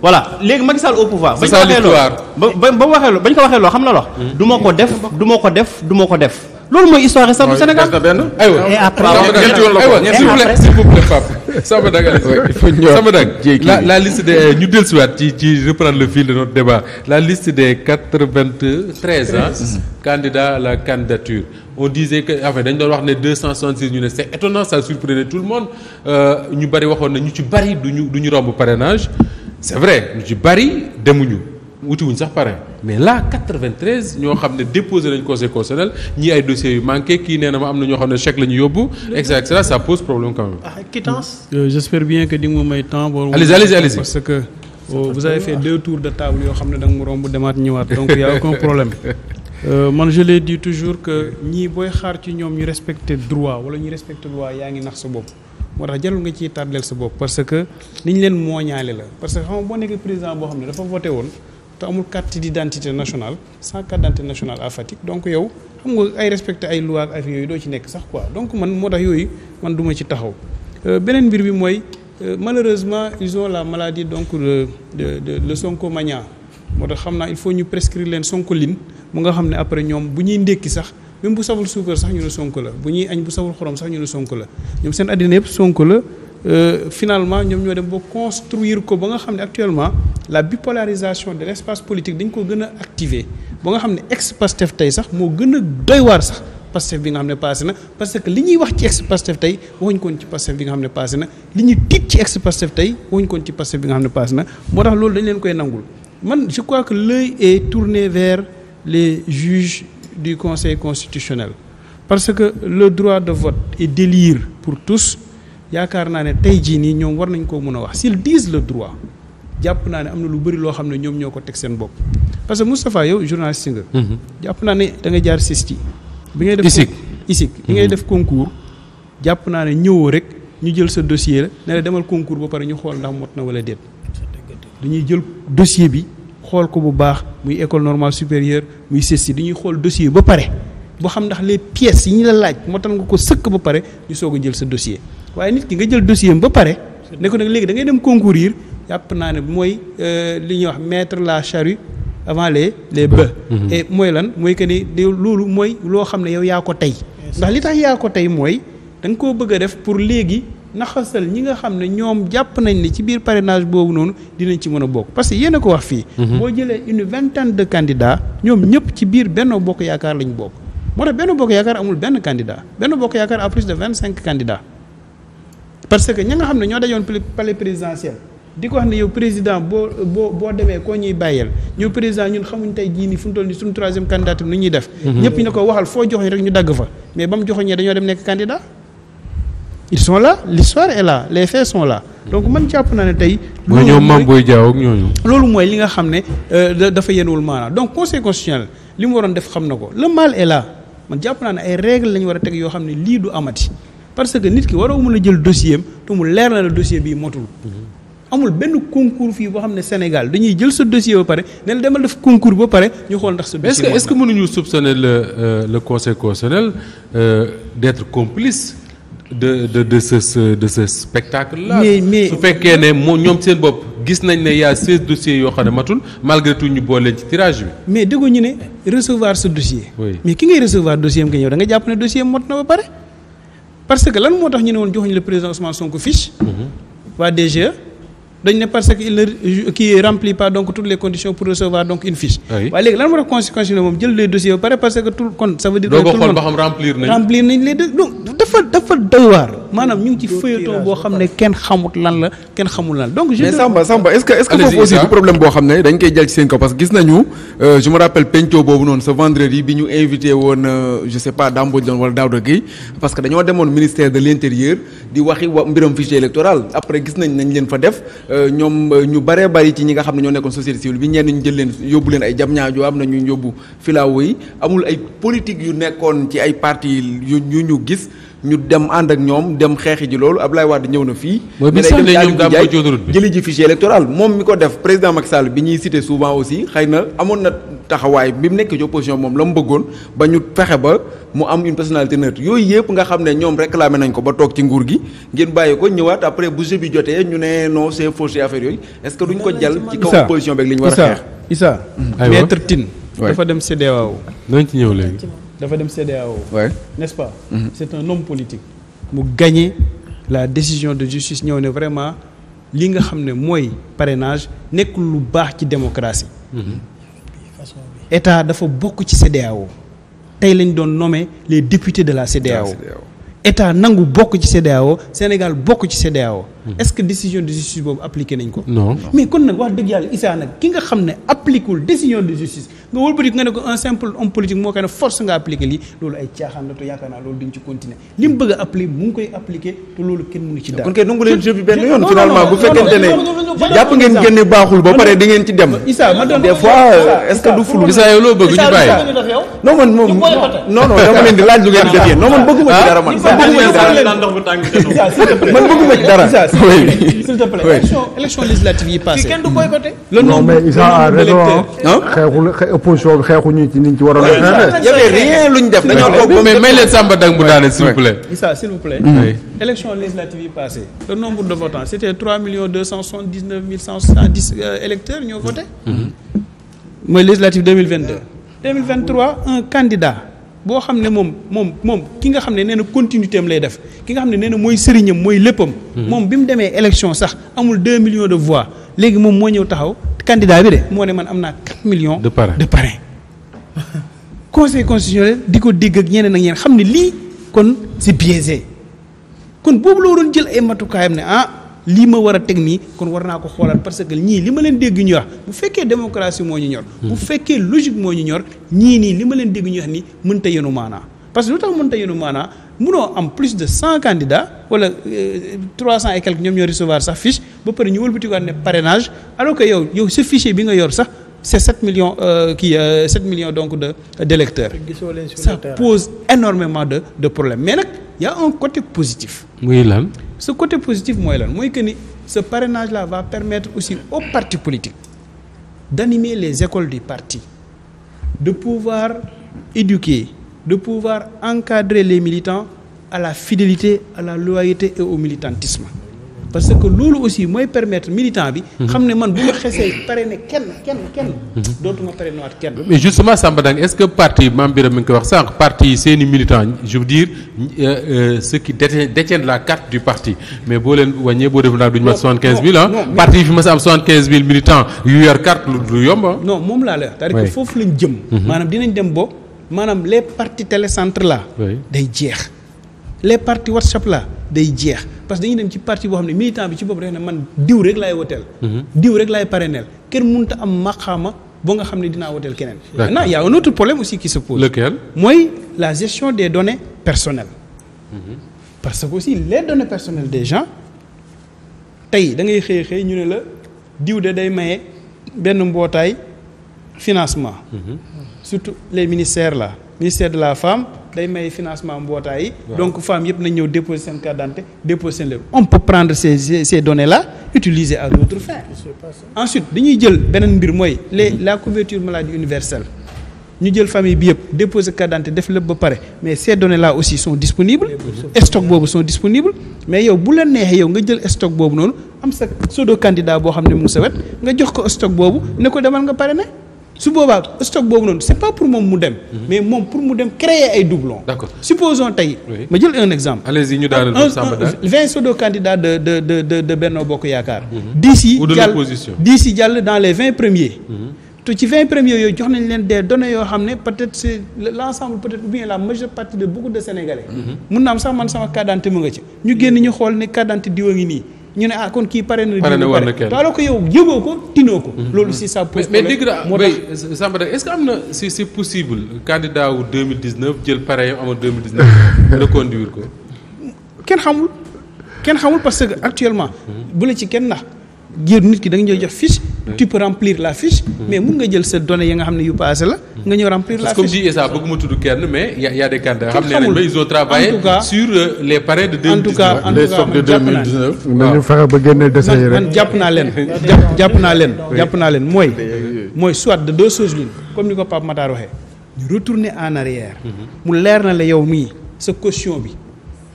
voilà léegi ma Sall au pouvoir. bañ ko waxee loo ba ba waxee ko waxee loo xam na loo. Hmm. du ma ko def du ma ko def du ma ko def. loolu mooy histoire sax du Sénégal. et après s'il vous plaît Pape Samba Dag Samba Dag la la liste des ñu dellusiwaat ci ci reprendre le fil de notre débat la liste des quatre-vingt-treize ans candidats à la candidature on disait que en fait doon wax ne deux cent soixante-six ñu ne c'est étonnant ça surprenait tout le monde euh, ñu bari waxoon na ñu ci bari duñu du ñu romb parrainage c'est vrai ñu ci bari demuñu wutiwuñ sax parrain mais là 93 ñoo xam ne déposé nañ conseil constitutionnel ñii ay dossiers yu manqué kii nee na ma am na ñoo xam ne chèque la ñu yóbbu et cetera ça pose problème quand même. ah euh, que di nga ma may euh, yoo xam ne da nga mu romb demaat a aucun euh, man je l'ai dit toujours que ñii booy xaar ci ñoom ñu respecter droit wala ñu respecter loi yaa ngi nax sa bopp. moo tax jarul nga ciy tardel sa bopp parce que li ñu leen mooñaale la parce que xam nga boo nekkee président boo xam ne dafa voté woon te amul carte d'identité nationale national carte d'identité national à Fatick donc yow xam nga ay respecté ay loi ak affaire yooyu doo ci nekk sax quoi donc man moo tax yooyu man du ma ci taxaw euh, beneen mbir bi mooy euh, malheureusement ils ont la maladie donc de de de moo tax xam naa il faut ñu prescrire leen lin mu nga xam ne après ñoom bu ñuy ndékki sax même bu saful suukar sax ñu ne Sonko la bu ñuy añ bu saful xorom sax ñu ne Sonko la ñoom seen àddina yëpp Sonko la euh, finalement ñoom ñoo dem ba construire ko ba nga xam ne actuellement la bipolarisation de l' espace politique dañ koo gën a activer ba nga xam ne ex Pastef tey sax moo gën a doy waar sax Pastef bi nga xam ne passé na parce que li ñuy wax ci ex Pastef tey waxuñ koon ci Pastef bi nga xam ne passé na li ñu tiit ci ex Pastef tey waxuñ koon ci Pastef bi nga xam ne passé na moo tax loolu dañ leen koy nangul man je crois que l'œil est tourné vers les juges du Conseil constitutionnel parce que le droit de vote est délire pour tous yaakaar naa ne tey jii nii ñoom war nañ koo mën a wax s'ils disent le droit jàpp naa ne am na lu bëri loo xam ne ñoom ñoo ko teg seen bopp parce que Moustapha yow journaliste nga. Mhm. jàpp naa ne da nga jaar sisti bi ngay def ISIC ISIC bi ngay mhm. def concours jàpp naa ne ñëwoo rek ñu jël sa dossier la ne demal concours ba pare ñu xool ndax mot na walla déet. dañuy jël dossier bi. xool ko bu baax muy école normale supérieure muy CESTI dañuy xool dossier ba pare boo xam ndax les pièces yi ñu la laaj moo tax nga ko sëkk ba pare ñu soog a jël sa dossier waaye nit ki nga jël dossier ba pare ne ko nag léegi dangay dem concourir yàpp naa ne mooy euh, li ñuy wax mettre la charrue avant les les bœufs mhm. et mooy lan mooy que ni loolu mooy loo xam ne yow yaa ko tey ndax li tax yaa ko tey mooy da nga koo bëgg a def pour léegi naxasal ñi nga xam ne ñoom jàpp nañ ne ci biir parrainage boobu noonu dinañ ci mën a bokk parce que yéen ko wax fii. Mhm. boo jëlee une vingtaine de candidats ñoom ñëpp ci biir Benno Bokk Yaakaar lañ bokk. moo tax Benno Bokk Yaakaar amul benn candidat Benno Bokk Yaakaar a plus de vingt cinq candidats parce que ñi nga xam ne ñoo dajoon palais présidentiel. di ko wax ne yow président boo boo boo demee koo ñuy bàyyeel ñëw président ñun xamuñ tey jii nii fu mu toll nii suñu mhm. ñu ne ko waxal foo joxoñ rek ñu dagg fa mais ba mu joxoñee dañoo dem nekk candidat. ils sont là l'histoire est là les faits sont là donc man jàpp naa ne tey. mooy ñoom Mame Boye ñooñu. loolu mooy li nga xam ne euh, dafa yenuwul maanaam donc conseil constitutionnel li mu waroon def xam na ko le mal est là man jàpp naa ne ay règles la ñu war a teg yoo xam ne lii du amati parce que nit ki waroo mën a jël dossier am te mu leer na le dossier bii motul. Mm-hmm. amul benn concours fii boo xam ne Sénégal dañuy jël sa dossier ba pare ne la demal def concours ba pare ñu xool ndax sa dossier est-ce que est-ce que mënuñu le euh, le conseil constitutionnel euh, d'être complice. de de de ce de ce spectacle là. mais mais su fekkee ne moo ñoom seen bopp gis nañ ne y' a seize dossiers yoo xam ne matul malgré tout ñu boole ci tirage bi. mais dëggu ñu ne recevoir sa dossier. Oui. mais ki ngay recevoir dossier am nga ñëw da nga jàpp ne dossier mot na ba pare. parce que lan moo tax ñu ne woon joxuñu le président Ousmane Sonko fiche. Mhm. waa DGE. dañ ne parce que il ne kii remplit pas donc toutes les conditions pour recevoir donc une fiche. waaye léegi lan moo tax conséquence ne moom jël les dossiers ba parce que tout kon ça veut dire. ko xool ba xam remplir nañ remplir nañ donc dafa dafa doy maanaam ñu ngi ci feuilleton boo xam ne kenn xamut lan la kenn xamul lan donc. je mais Samba Samba est-ce que est-ce que foofu aussi du problème boo xam ne dañ koy jël ci seen kaw parce que gis nañu euh, euh, demoon ministère de l'intérieur di après gis nañ nañ leen def euh, Euh, ñoom euh, ñu baree bari ci ñi nga xam ne ñoo nekkoon société civile bi ñenn ñu jël leen yóbbu leen ay jam ñaajo am na ñu yóbbu filaawo yi amul ay politique yu nekkoon ci ay parti yu ñu gis ñu dem ànd ak ñoom dem xeex ji loolu ab Ablaye Wade ñëw na fii. mooy bi sànni ñoom daa jëli ji fichier électoral moom mi ko def président Macky Sall bi ñuy site souvent aussi xay na amoon na taxawaay bi mu nekk ci opposition moom la mu bëggoon ba ñu fexe ba. mu am une personnalité neutre yooyu yëpp nga xam ne ñoom réclamé nañ ko ba toog ci nguur gi ngeen bàyyi ko ñëwaat après bu jeu bi jotee ñu ne non c'est fauché affaire yooyu est-ce que duñ ko jal ci kaw opposition beeg li ñu war a xeex Issa mmh. maître Tine dafa dem CEDEAO nañ ci ñëw léegi dafa dem CEDEAO n'est-ce pas mmh. c'est un homme politique mu gagné la décision de justice ñëw ne vraiment li nga xam ne mooy parrainage nekk lu baax ci démocratie mmh. état dafa bokk ci CEDEAO tey lañ doon nommé les députés de la CEDEAO état nangu bokk ci CEDEAO Sénégal bokk ci CEDEAO est-ce que décision de justice boobu appliqué nañ ko. mais kon nag wax dëgg yàlla Issa nag ki nga xam ne appliquewul décision de justice nga wëlbati nga ne ko un simple homme politique moo koy ne force nga appliqué lii loolu ay caaxaan la te yaakaar naa loolu duñ ci continuer li mu bëgg a mu ngi koy appliqué te loolu kenn mënu ci dara. bu fekkente ne jàpp ngeen génne baaxul ba pare di ngeen ci dem. Issa ma doon des leen di laaj place. oui s'il te plaît. oui yi passée. kenn du le nom mais a raison xeexul opposition bi xeexuñu ci niñ ci waroon a xeexee. y avait rien luñ def dañoo toog mais may leen Samba Dang bu daane s'il vous plaît. Issa s'il vous yi passée. le nombre de votants c'était 3 millions 279 mille 170 euh, électeurs ñoo voté. Mhm. mooy législative 2022. 2023 un candidat. boo xam ne moom moom moom ki nga xam ne nee na continuité am lay def ki nga xam ne nee na mooy sëriñam mooy léppam. Hmm. moom bi mu demee élection sax amul deux millions de voix léegi moom moo ñëw taxaw candidat bi de moo ne man am naa 4 millions. de parrain de parrain. conseil constitutionnel di ko dégg ak ñeneen ak ñeneen xam ne lii kon c'est biaisé kon boobu la waroon jël ay matukaayam ne ah. lii ma war a teg nii kon war naa ko xoolaat parce que ñii li ma leen dégg ñu wax bu fekkee démocratie moo ñu ñor bu hmm. fekkee logique moo ñu ñor ñii nii li ma leen dégg ñu wax ni mënta yenu maanaa parce que lu tax mënta yenu maanaa munoo am plus de cent candidats wala euh, trois cent et quelques ñoom ñoo recevoir sax fiche ba pare ñu wëlbatikuwaat ne parrainage alors que yow yow sa fichier bi nga yor sax c'est 7 millions euh, kii euh, euh, 7 millions donc de d'électeurs ça pose énormément de de problèmes mais nag y a côté positif. muy lan. ce côté positif mooy lan mooy que ni ce parrainage là va permettre aussi aux partis politiques d'animer les écoles du parti de pouvoir éduquer de pouvoir encadrer les militants à la fidélité à la loyauté et au militantisme parce que loolu aussi mooy permettre militant bi. Mhm. xam ne man bu ma xesee parrainé kenn kenn kenn. Mhm. dootuma parrainé waat kenn. mais justement Samba Dang est-ce que parti maam Birame mi ngi koy wax sànq parti seeni militant je veux dire euh, euh, ceux qui détiennent la carte du parti mais boo leen wàññee boo def naa duñu mat soixante quinze mille ah. parti yi fi mas a am soixante quinze mille militants yu yor carte lu yomb ah. non moom laa lay wax. foofu lañ jëm. Mhm. maanaam dinañ dem bo maanaam les partis télécentres là. day jeex les partis WhatsApp là. day jeex parce que dañuy dem ci parti boo xam ne militant bi ci bopp rek ne man diw rek lay woteel. Mhm. diw rek laay parrainel kenn mënut a am maqaama ba nga xam ne dinaa woteel keneen. maintenant y a un autre problème aussi qui se pose. mooy la gestion des données personnelles. Mhm. parce que aussi les données personnelles des gens tey da ngay xëy xëy ñu ne la diw de day maye benn mbootaay financement. Mhm. surtout les ministères la ministère de la femme. day may financement mbootaay yi. donc femmes yëpp nañ ñëw déposer seen carte d'identité déposer seen lépp. on peut prendre ces ces ces données là utiliser à d'autres fins. ensuite dañuy jël beneen mbir mooy les la couverture maladie universelle. ñu jël famille bi yëpp déposer carte def lépp ba pare mais ces données là aussi sont disponibles stock boobu soo disponible mais yow bu la neexee yow nga jël stock boobu noonu am sa pseudo candidat boo xam ne mu sa wet nga jox ko stock boobu ne ko demal nga pare ne su boobaa stock boobu noonu c'est pas pour moom mu dem. mais moom pour mu dem créer ay doublons. d'accord tey. ma jël un exemple. vingt pseudo candidats de de de Benno Bokk Yaakaar. Mhm. dix yi jàll dix yi jàll dans les vingt premiers. Mhm. te ci vingt premiers yooyu jox nañ leen des données yoo xam ne peut-être c'est l'ensemble peut-être ou bien la majeure partie de beaucoup de Sénégalais. Mhm. mun naa sax man sama carte mu nga ci. ñu génn ñu xool ne carte d'identité diwa ngi nii. ñu ne ah kon kii pare na. pare na war na kenn te alors que yow yëgoo ko tinoo ko. Mm-hmm. loolu si ça pose mais dégg naa Mbaye euh, Samba est-ce am na si c'est possible candidat wu 2019 jël pare yam amoon 2019 reconduire ko. kenn xamul kenn xamul parce que actuellement. Mm-hmm. bu la ci kenn nax jër nit ki da nga ñuy jox fiche. tu peux remplir la fiche. Mm. mais mun nga jël sa données yi nga xam ne yu passé la. Mm. nga ñëw remplir la fiche mais y a y a des candidats xam ne ba ils ont euh, nañu fexe ba génne dese yi rek jàpp naa leen jàpp naa leen mooy. mooy soit de deux choses l'une comme ni ko Pape Matar waxee. ñu retourner en arrière. Mm-hmm. mu leer na la yow mii sa caution bi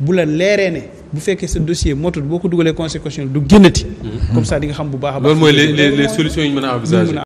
bu la leeree ne. bu fekkee sa dossier motul boo ko dugalee conseil constitutionnel du génnati. Mm-hmm. comme ça di xam bu baax a baax. loolu mooy les les solutions yi ñu mën a